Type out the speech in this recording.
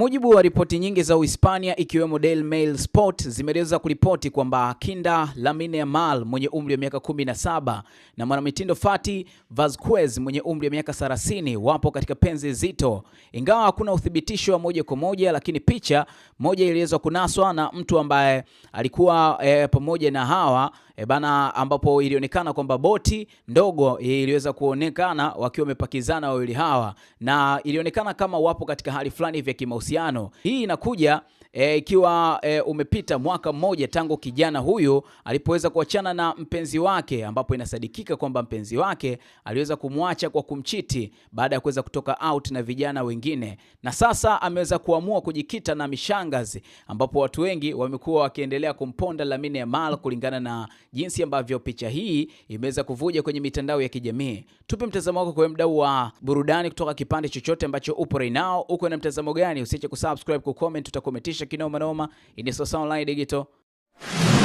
Mujibu wa ripoti nyingi za Uhispania ikiwemo Daily Mail Sport zimeweza kuripoti kwamba kinda Lamine Yamal mwenye umri wa miaka 17 na mwanamitindo Fati Vazquez mwenye umri wa miaka 30 wapo katika penzi zito, ingawa hakuna uthibitisho wa moja kwa moja, lakini picha moja iliweza kunaswa na mtu ambaye alikuwa e, pamoja na hawa e bana, ambapo ilionekana kwamba boti ndogo iliweza kuonekana wakiwa wamepakizana wawili hawa, na ilionekana kama wapo katika hali fulani vya kimahusiano. Hii inakuja E, ikiwa e, e, umepita mwaka mmoja tangu kijana huyo alipoweza kuachana na mpenzi wake, ambapo inasadikika kwamba mpenzi wake aliweza kumwacha kwa kumchiti baada ya kuweza kutoka out na vijana wengine, na sasa ameweza kuamua kujikita na mishangazi, ambapo watu wengi wamekuwa wakiendelea kumponda Lamine Yamal kulingana na jinsi ambavyo picha hii imeweza kuvuja kwenye mitandao ya kijamii. Tupe mtazamo wako kwa mdau wa burudani kutoka kipande chochote ambacho upo right now. Uko na mtazamo gani? Usiache kusubscribe, kucomment, tutakometisha kinoma noma. Ini sasa online digital.